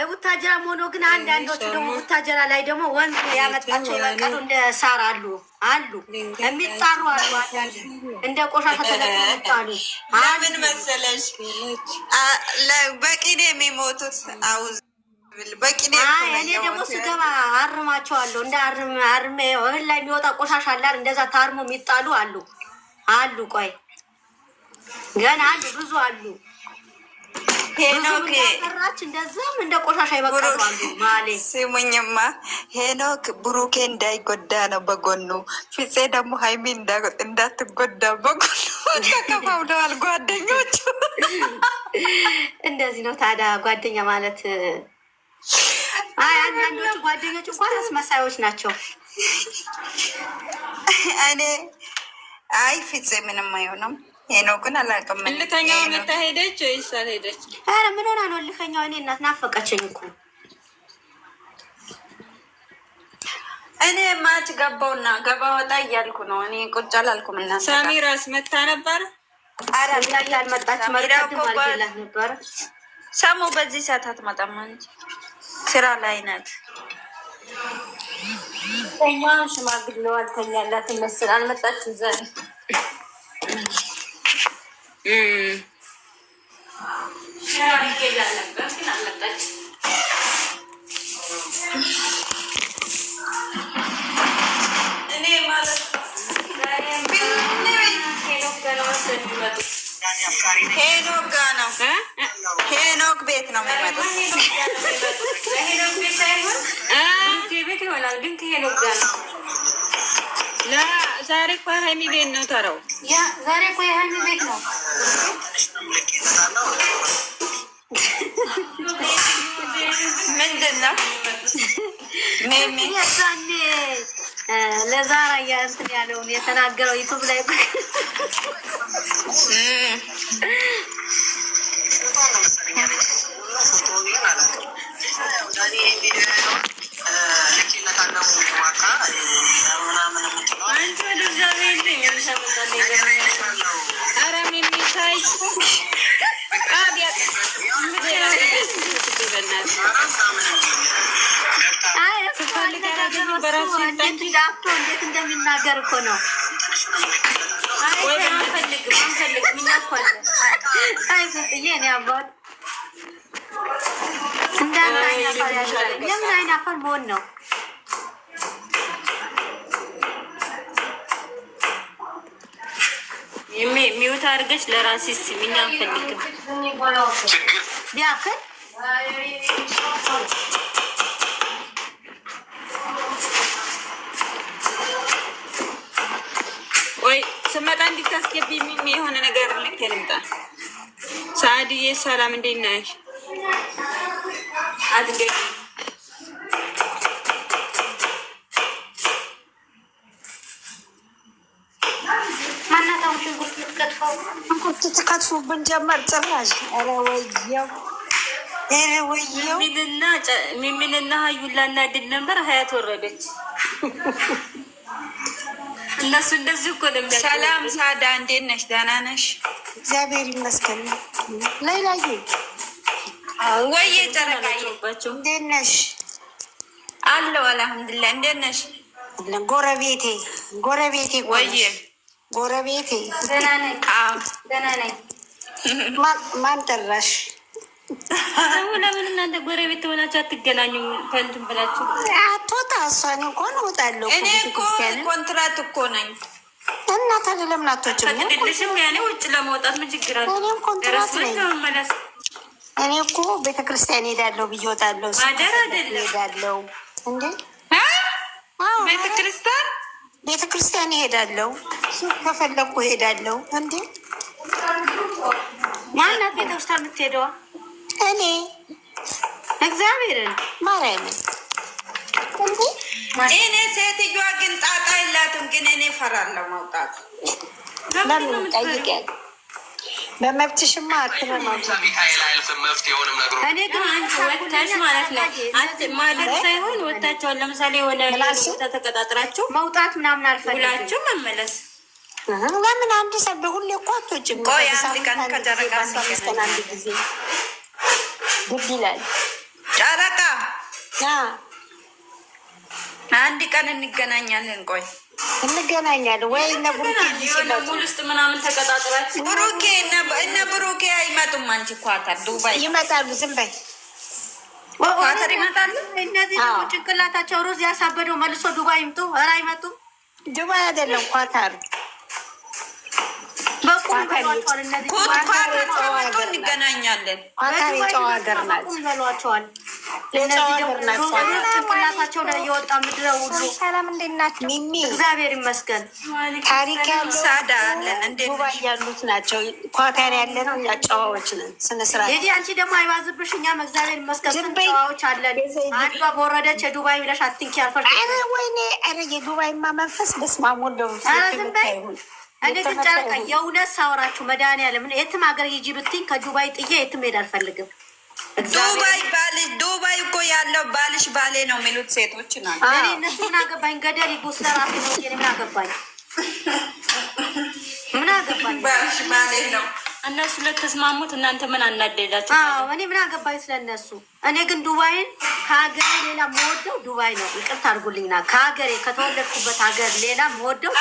የቡታጀራ ሆኖ ግን አንዳንዶቹ ደግሞ ቡታጀራ ላይ ደግሞ ወንድ ያመጣቸው የበቀሉ እንደ ሳር አሉ አሉ የሚጣሩ አሉ እንደ ቆሻሻ ተለጣሉ። ምን መሰለሽ በቂኔ የሚሞቱት አውዝ እኔ ደግሞ ስገባ አርማቸዋለሁ። እንደ አርሜ እህል ላይ የሚወጣ ቆሻሻ አላል እንደዛ ታርሞ የሚጣሉ አሉ አሉ። ቆይ ገና አሉ ብዙ አሉ። ሄኖክ ራች እንደዛም እንደ ቆሻሻ ይበቃሉ። ስሙኝማ፣ ሄኖክ ብሩኬ እንዳይጎዳ ነው በጎኑ፣ ፍፄ ደግሞ ሀይሚ እንዳትጎዳ በጎኑ ተከፋፍለዋል ጓደኞቹ። እንደዚህ ነው ታዲያ ጓደኛ ማለት። አይ አንዳንዶቹ ጓደኞች እንኳን አስመሳዮች ናቸው። እኔ አይ ፍፄ ምንም አይሆንም። ሄኖክን አላውቅም። እልከኛ መታ ሄደች ወይስ አልሄደች? ኧረ ምን ሆና ነው እልከኛው? እኔ እናት ናፈቀችኝ እኮ እኔ ማች ገባውና ገባ ወጣ እያልኩ ነው። እኔ ቁጭ አላልኩም። እና ሳሚራስ መታ ነበር። ኧረ እንዳልመጣች ነበር። ሰሙ በዚህ ሰዓት አትመጣም እንጂ ስራ ላይ ናት። ሽማግሌዋ አልተኛላት ይመስል አልመጣችም ዛሬ ሄኖክ ቤት ነው የሚመጡት። ሄኖክ ቤት ሳይሆን ቤት ይሆናል ግን ከሄኖክ ጋር ነው ዛሬ እኮ የሀይሚ ቤት ነው ተረው። ዛሬ እኮ የሀይሚ ቤት ነው። ምንድን ነው ሜሜዛኔ ለዛራ እንትን ያለውን የተናገረው ዩቱብ ላይ እንጂ ዳፍቶ እንዴት እንደሚናገር እኮ ነው። እኔ አባት እንዳንተ መሆን ነው? ሚውት አድርገሽ ለራሴስ እኛ አንፈልግም ቢያክል ስመጣ እንዲህ ታስገቢ የሆነ ነገር ልክ ልምጣ። ሰአድዬ ሰላም፣ እንዴት ነሽ? ሽንኩርት ትከትፉብን ጀመር ጭራሽ። ኧረ ወየው ኧረ ወየው። ሚሚንና ድል ነበር ሀያት ወረደች። እነሱ እንደዚህ እኮ ነው። ሰላም ሳዳ፣ እንዴት ነሽ? ደህና ነሽ? እግዚአብሔር ይመስገን። ላይላዩ ወይ ጨረቃባቸው፣ እንዴት ነሽ? አለው አልሐምዱሊላህ። እንዴት ነሽ? ጎረቤቴ ጎረቤቴ ወይ ጎረቤቴ፣ ደህና ነኝ። ማን ጠራሽ? ለምን እናንተ ጎረቤት ሆናችሁ አትገናኙም? ከእንትን ብላችሁ አትወጣ እሷን እንኳን እወጣለሁ። እኔ እኮ ኮንትራት እኮ ነኝ እና ታዲያ ለምን አትወጪም? ትንሽም ያኔ ውጭ ለመውጣት ምን ችግር አለ? እኔም ኮንትራት ነኝ። እኔ እኮ ቤተ ክርስቲያን ሄዳለሁ ብዬ እወጣለሁ። ማደር አይደለም ሄዳለሁ እንዴ ቤተ ክርስቲያን ቤተ ክርስቲያን ሄዳለሁ። ከፈለኩ ሄዳለሁ እንዴ ማናት ቤተክርስቲያን የምትሄደዋ እኔ እግዚአብሔርን ማርያምን እኔ ሴትዮዋ ግን ጣጣ የላትም፣ ግን እኔ ፈራለሁ መውጣት። በመብትሽማ እኔ ግን ወታች ማለት ነው ማድረግ ሳይሆን ወታቸውን ለምሳሌ የሆነ ተቀጣጥራችሁ መውጣት ምናምን አልፈላችሁ መመለስ ለምን አንድ ሰብ ሁሌ እኮ አትወጪም። ቆይ አንድ ቀን ከደረጋ አንድ ጊዜ ግድ ይላል። ጨረቃ አንድ ቀን እንገናኛለን። ቆይ እንገናኛለን ወይ እነ ብሩኬ ምናምን ተቀጣጥራችሁ ብሩኬ እነ ብሩኬ አይመጡም። አንቺ ኳታር ዱባይ ይመጣሉ። ዝም በይ ኳታር ይመጣሉ። እነዚህ ደግሞ ጭንቅላታቸው ሩዝ ያሳበደው መልሶ ዱባይ ይምጡ። ኧረ አይመጡም። ዱባይ አይደለም ኳታር ተመቶ እንገናኛለን። ጨዋ ሀገር ናት፣ እግዚአብሔር ይመስገን። ታሪክ ያሉት ናቸው። ኳታር ያለ እኛ ጨዋዎች ነን፣ ስነስርዓት የጂ አንቺ ደግሞ አይባዝብሽ። እኛም እግዚአብሔር ይመስገን ጨዋዎች አለን። አንዷ በወረደች የዱባይ ብለሽ አትንኪ። ያልፈር ወይኔ፣ ኧረ የዱባይማ መንፈስ በስመ አብ ወወልድ እኔ ግን ጨርቃ የእውነት ሳወራችሁ መድኃኒዓለም የትም ሀገር ሂጂ ብትኝ ከዱባይ ጥዬ የትም ሄድ አልፈልግም። ዱባይ ባልሽ ዱባይ እኮ ያለው ባልሽ ባሌ ነው የሚሉት ሴቶች ናቸው። እኔ እነሱ ምን አገባኝ? ገደል ይጎስ ለራሱ ነው። ምን አገባኝ? ምን አገባኝ? ባልሽ ባሌ ነው እነሱ ለተስማሙት እናንተ ምን አናደዳችሁ? እኔ ምን አገባኝ ስለነሱ። እኔ ግን ዱባይን ከሀገሬ ሌላ መወደው ዱባይ ነው። ይቅርታ አድርጉልኝና ከሀገሬ ከተወለድኩበት ሀገር ሌላ መወደው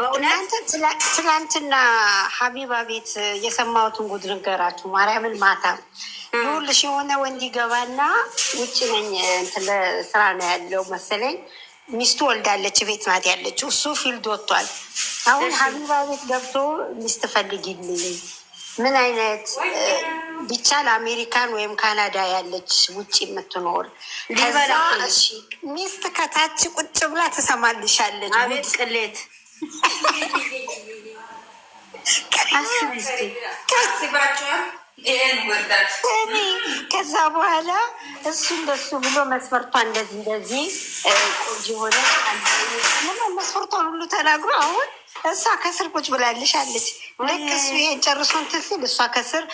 በእውነት። ትናንትና ሀቢባ ቤት የሰማሁትን ጉድ ንገራችሁ። ማርያምን ማታ ሁልሽ የሆነ ወንድ ይገባና ውጭ ነኝ ስራ ነው ያለው መሰለኝ ሚስቱ ወልዳለች፣ ቤት ናት ያለችው። እሱ ፊልድ ወጥቷል። አሁን ሀቢባ ቤት ገብቶ ሚስት ፈልጊልኝ ምን አይነት ቢቻል አሜሪካን ወይም ካናዳ ያለች ውጭ የምትኖር ሚስት ከታች ቁጭ ብላ ትሰማልሻለች። አቤት ቅሌት ቅሌት እኔ ከዛ በኋላ እሱ እንደሱ ብሎ መስፈርቷ እንደዚህ እንደዚህ ቆንጆ የሆነ መስፈርቷን ሁሉ ተናግሮ አሁን እሷ ከስር ቁጭ ብላለች አለች። ልክ እሱ ይሄን ጨርሶ እንትን ሲል እሷ ከስር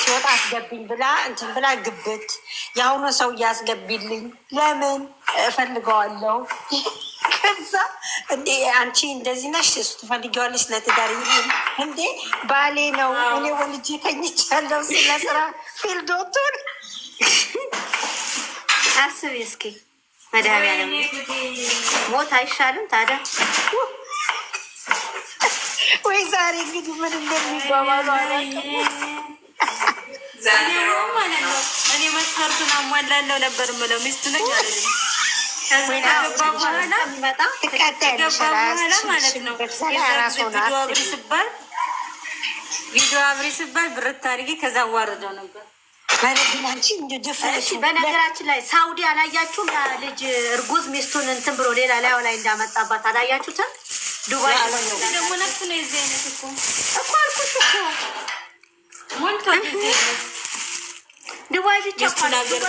ሲወጣ አስገቢኝ ብላ እንትን ብላ ግብት የአሁኑ ሰው እያስገቢልኝ ለምን እፈልገዋለሁ ከዛ እንዴ አንቺ እንደዚህ ነሽ እሱ ትፈልጊዋለሽ ለትዳር እንዴ ባሌ ነው እኔ ወልጄ ተኝቻለሁ ስለ ስራ ፊልዶቱን አስቢ እስኪ መድኃኒዓለም ሞት አይሻልም ታዲያ ወይ ዛሬ እንግዲህ ምን እንደሚባባሉ እኔ መስፈርቱን አሟላለሁ ነበር ምለው ሚስቱ ነች አለ ቪዲዮ አብሪ ስባል ብርት አድርጌ ከዛ አዋርደው ነበር። በነገራችን ላይ ሳውዲ አላያችሁም? ልጅ እርጉዝ ሚስቱን እንትን ብሎ ሌላ ላዩ ላይ እንዳመጣባት አላያችሁትም? ዱባይ ደግሞ ነፍስ ነው የዚህ አይነት እኮ እኮ አልኩት እኮ ሞልቶ ጊዜ ወልጄ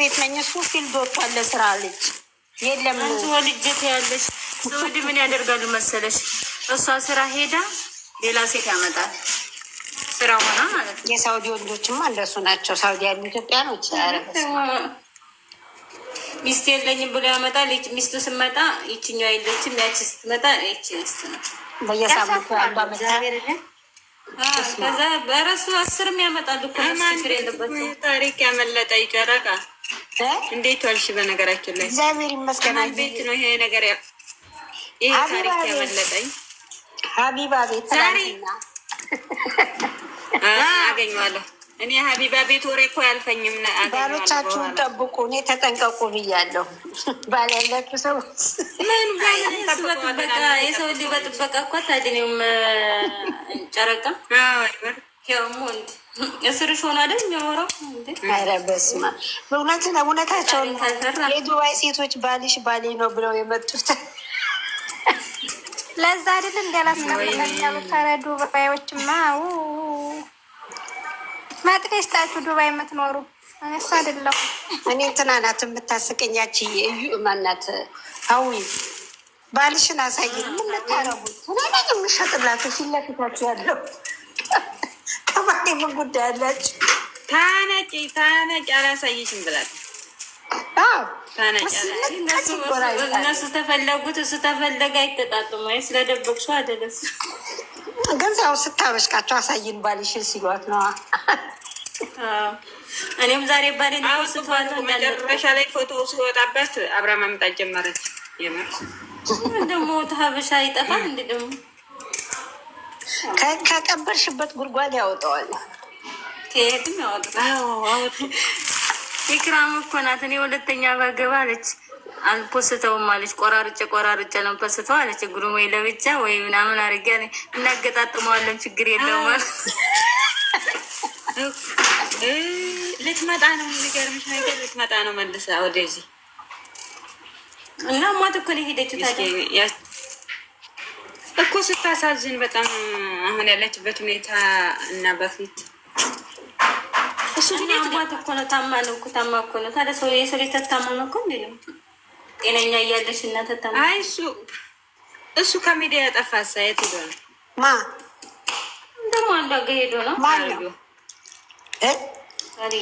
ቤት ነኝ። እሱ ፊልድ ወጥቷል ለስራ ልጅ የለም ወልጄ ያለች ሰውድ ምን ያደርጋሉ መሰለሽ? እሷ ስራ ሄዳ ሌላ ሴት ያመጣል። ስራ ሆና ማለት የሳውዲ ወንዶችማ እንደሱ ናቸው። ሳውዲ ያሉ ኢትዮጵያ ነው ሚስት የለኝም ብሎ ያመጣል። ሚስቱ ስመጣ ይችኛ የለችም፣ ያች ስትመጣ ይቺ ስ ከዛ በረሱ አስርም ያመጣል እኮ ችግር የለበትም። ታሪክ ያመለጠ ይጨረቃ እንዴት ዋልሽ? በነገራችን ላይ እግዚአብሔር ይመስገን። ቤት ነው ይሄ ነገር ይሄ ታሪክ ያመለጠኝ ሀቢባ ቤት ዛሬ አገኘዋለሁ እኔ ሀቢባ ቤት ወሬ እኮ ያልፈኝም። ባሎቻችሁን ጠብቁ፣ እኔ ተጠንቀቁ ብያለሁ። ባል ያላችሁ ሰው ምን በጥበቃ የሰው ልጅ በጥበቃ እኮ ታድኔም ጨረቃ ያውም እስርሽ ሆኖ አይደል የሚያወራው? ኧረ በስመ አብ በእውነት ነው፣ እውነታቸውን የዱባይ ሴቶች ባልሽ ባሌ ነው ብለው የመጡት ለዛ አይደል እንዲያላስቀምጠ ያሉት ዱባዮችማ መጥፌ ታችሁ ዱባይ የምትኖሩ እሱ አይደለሁ እኔ እንትና ናት የምታስቀኛች እዩ ማናት አዊ ባልሽን አሳይ የምንታረቡ ምናምን የምሸጥላችሁ ፊት ለፊታችሁ ያለው ከባድ ምን ጉዳይ አላችሁ? ታነቂ ታነቂ አላሳየሽም ብላት እነሱ ተፈለጉት እሱ ተፈለገ አይተጣጥሙ ወይ ስለደበቅሽው አደለሱ ግን ያው ስታበሽቃቸው አሳይን ባልሽን ሲሏት ነዋ እኔም ዛሬ ባሌ መጨረሻ ላይ ፎቶ ሲወጣበት አብራ ማምጣት ጀመረች። የምር ደግሞ ሀበሻ ይጠፋል እንዲ ደግሞ ከቀበርሽበት ጉድጓድ ያወጣዋል። ከየትም ያወጣዋል። ኢክራም እኮ ናት። እኔ ሁለተኛ ባገባ አለች አልፖስተውም አለች። ቆራርጬ ቆራርጬ ነው ፖስተው አለች። እግሩን ወይ ለብቻ ወይ ምናምን አድርጊያ እናገጣጥመዋለን ችግር የለውም አለ ልትመጣ ነው። የሚገርምሽ ነገር ልትመጣ ነው መልሳ ወደዚህ እና ሟት እኮ ታዲያ እኮ ስታሳዝን በጣም አሁን ያለችበት ሁኔታ እና በፊት እሱ ሟት እኮ ነው። ታማ ነው እኮ ታማ እኮ ነው። ታዲያ ሰው የሰው እኮ እንዴ ነው ጤነኛ እያለሽ እና ተታማ። አይ እሱ እሱ ከሚዲያ ሄዶ ነው ማ ደግሞ ሄዶ ነው Eh? ባሏ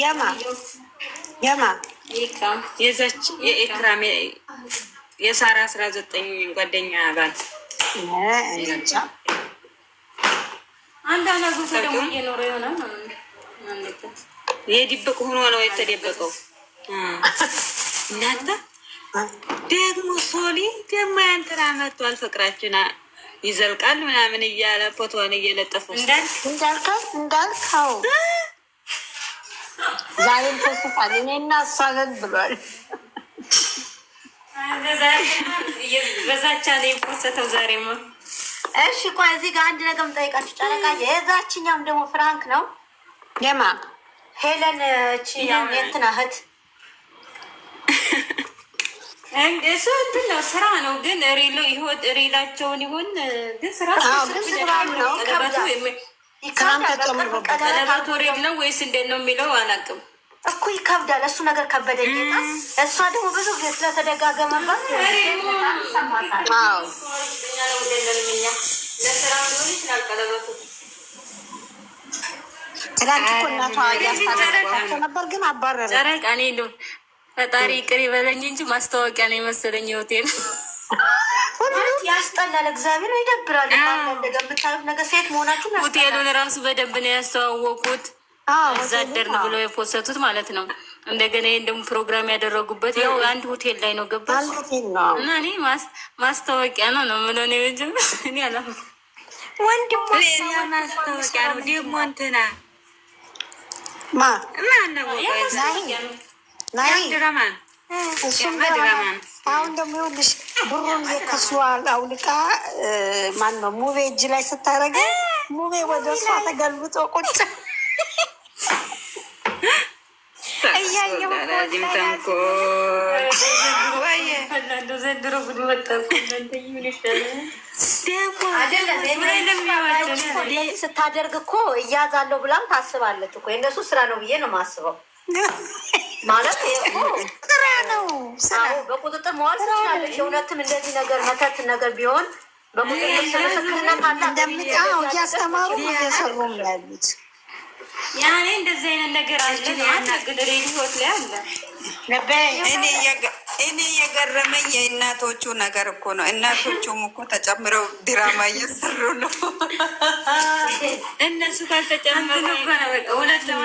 የማ የማ የዛች የኤክራም የሳራ አስራ ዘጠኝ ጓደኛ ባል የድብቅ ሆኖ ነው የተደበቀው። እናንተ ደግሞ ሶሊ ደግሞ ያንተን መጥቷል ፍቅራችን ይዘልቃል ምናምን እያለ ፎቶን እየለጠፈ እንዳልከው እንዳልከው ዛሬም ተስፋል እኔ እሷለን ብሏል። በዛቻ ላይ ፖስተው ዛሬማ። እሺ እዚህ ጋር አንድ ነገር የምጠይቃችሁ ጨረቃ፣ የዛችኛውም ደግሞ ፍራንክ ነው የማ ሄለን እህት እንደሱ እንትን ነው ስራ ነው ግን ሬሎ ይሆን ሬላቸውን ይሆን ግን ስራ ቀለበቱ ሬል ነው ወይስ እንዴት ነው የሚለው አላውቅም እኮ ይከብዳል። እሱ ነገር ከበደኝ። እሷ ደግሞ ብዙ ጊዜ ስለተደጋገመባት ነበር ግን ፈጣሪ ይቅር ይበለኝ እንጂ ማስታወቂያ ነው የመሰለኝ ህይወቴ ነው። ያስጠላል። እግዚአብሔር ይደብራል። እንደገምታዩት ነገር ሴት መሆናችሁ ሆቴሉን ራሱ በደንብ ነው ያስተዋወቁት። አዛደር ብለው የፖሰቱት ማለት ነው። እንደገና ይህን ደግሞ ፕሮግራም ያደረጉበት ያው አንድ ሆቴል ላይ ነው ገባ እና እኔ ማስታወቂያ ነው ነው ምለ ጀም እኔ አላ ወንድም ነው ደግሞ እንትና ማ ማነው አሁን ደግሞ ይኸውልሽ ብሩን የክሱ አውልቃ ማነው ሙቤ እጅ ላይ ስታደርገ ሙቤ ወደ እሷ ተገልብጦ ቁጭ ስታደርግ እኮ እያዛለሁ ብላም ታስባለች እኮ የእነሱ ስራ ነው ብዬ ነው የማስበው። ማለት ስራ ነው። በቁጥጥር መዋል ትችላለች። እውነትም እንደዚህ ነገር መተት ነገር ቢሆን በቁጥጥር እያስተማሩ እየሰሩም ያሉት ያኔ እንደዚህ አይነት ነገር አለ። ህይወት ላይ አለ። እኔ የገረመኝ የእናቶቹ ነገር እኮ ነው። እናቶቹም እኮ ተጨምረው ድራማ እየሰሩ ነው። እነሱ ካልተጨምረ ሁለት ለማ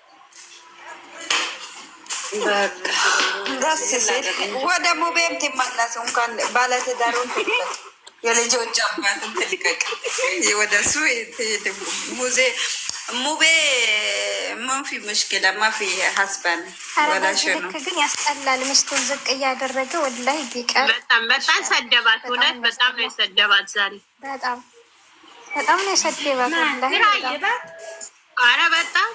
ደስ ሲል ወደ ሙቤም ትመለስ። እንኳን ባለትዳሩን የልጆች አባትም ትልቀቅ። ወደ እሱ ሙዜ ሙቤ መንፊ ምሽኪላ ማፊ ሀስባን ወላሽነው ግን ያስጠላል። ምስቱን ዝቅ እያደረገ ወላሂ ቢቀር በጣም በጣም ሰደባት። እውነት በጣም ነው የሰደባት። ዛሬ በጣም በጣም ነው የሰደባት። ኧረ በጣም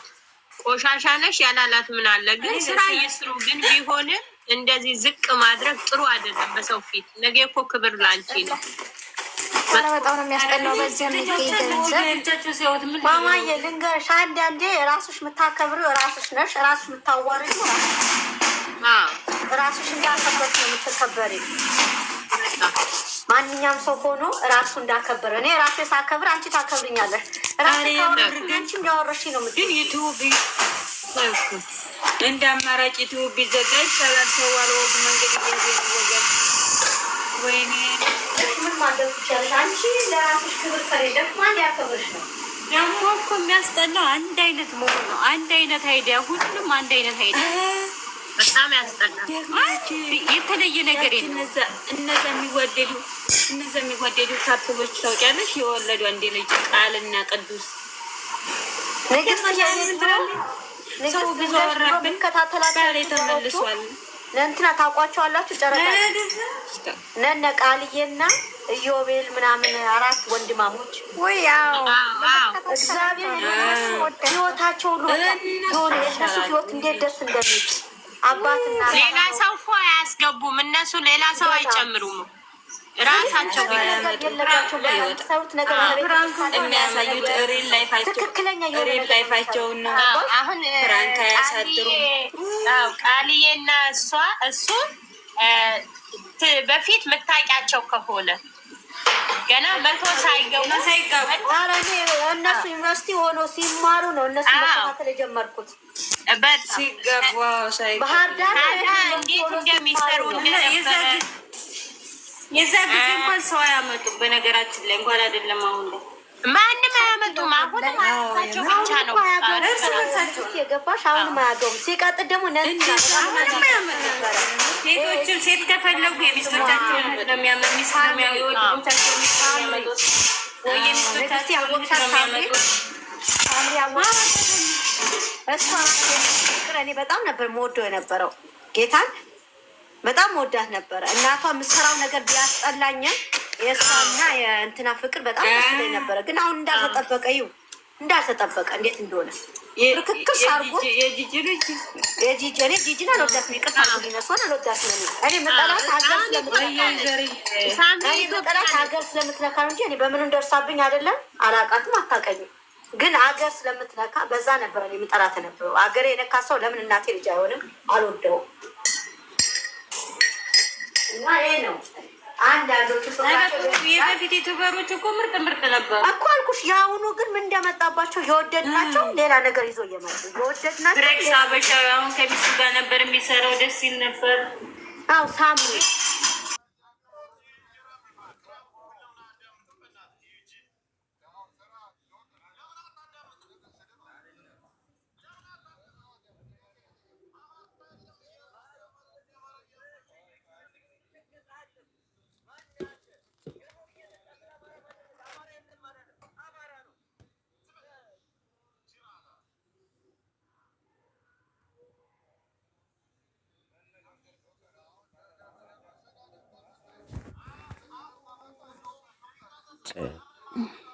ቆሻሻ ነሽ ያላላት ምን አለ ግን ስራ እየስሩ ግን ቢሆንም እንደዚህ ዝቅ ማድረግ ጥሩ አይደለም። በሰው ፊት ነገ እኮ ክብር ላንቺ ነው። በጣም ነው የሚያስጠላው። በዚህ የሚገኝ ገንዘብ ማማዬ ልንገርሽ፣ አንዴ ራስሽ የምታከብሪው ራስሽ ነሽ። ራስሽ የምታዋሪው ራስሽ እንዳከበርሽ ነው የምትከበሪው። ማንኛውም ሰው ሆኖ ራሱ እንዳከበረ እኔ ራሴ ሳከብር አንቺ ታከብርኛለሽ። ራሴ እንዳወረሽ ነው ግን ዩቱብ እንደ አማራጭ ዩቱብ ቢዘጋጅ ሰላም ሰው አለወግ መንገድ ወገን ወይኔ ምን ማድረግ ይቻላል? አንቺ ለራስሽ ክብር ከሌለሽ ማን ያከብርሽ ነው? ደግሞ እኮ የሚያስጠላው አንድ አይነት መሆን ነው። አንድ አይነት አይዲያ፣ ሁሉም አንድ አይነት አይዲያ በጣም ያስጠላል። የተለየ ነገር እነዛ የሚወደዱ እነዛ የሚወደዱ ካፕሎች ታውቂያለሽ? የወለዱ አንዴ ልጅ ቃልና ቅዱስ ሰው ብዙ አወራብን ባሌ ተመልሷል። ለእንትና ታውቋቸዋላችሁ? ጨረቃ ነነ ቃልዬና ኢዮቤል ምናምን አራት ወንድማሞች እግዚአብሔር ህይወታቸው ሁሉ ሆነ የእነሱ ህይወት እንዴት ደስ እንደሚል ሌላ ሰው እኮ አያስገቡም እነሱ ሌላ ሰው አይጨምሩም። ራሳቸው የሚያሳዩት ሪል ነው። ቃልዬና እሷ እሱ በፊት የምታውቂያቸው ከሆነ ገና መቶ ሳይገቡ እነሱ ዩኒቨርሲቲ ሆኖ ሲማሩ ነው እነሱ መከታተል የጀመርኩት። የዛ ጊዜ እንኳን ሰው አያመጡም። በነገራችን ላይ እንኳን አይደለም አሁን ላይ ማንም አያመጡም። አሁን ነው የገባሽ። አሁንም አያገቡም። ሲቀጥል ደግሞ ሴቶችን ሴት ከፈለጉ እኔ በጣም ነበር መወዶ የነበረው ጌታን በጣም መወዳት ነበረ። እናቷ የምትሰራው ነገር ቢያስጠላኝም የእሷና የእንትና ፍቅር በጣም ደስ ነበረ። ግን አሁን እንዳልተጠበቀ ይው እንዳልተጠበቀ እንዴት እንደሆነ ርክክሽ አድርጎት ጂጂን አልወዳትም። ይቅርታ አልወዳትም። እኔ መጠላት ሀገር ሀገር ስለምትነካ ነው እንጂ እኔ በምን እንደርሳብኝ አይደለም። አላውቃትም፣ አታውቀኝም። ግን አገር ስለምትነካ በዛ ነበረ የምጠላት ነበረው። የነካ ሰው ለምን እናቴ ልጅ አይሆንም? አልወደውም እና ይሄ ነው የበፊት ዩቱበሮች እኮ ምርጥ ምርጥ ነበሩ እኮ አልኩሽ። የአሁኑ ግን ምን እንደመጣባቸው የወደድናቸው ሌላ ነገር ይዞ እየመጡ የወደድናቸው ብሬክስ አበሻ አሁን ከሚስቱ ጋር ነበር የሚሰራው ደስ ሲል ነበር። አዎ ሳሙ 哎。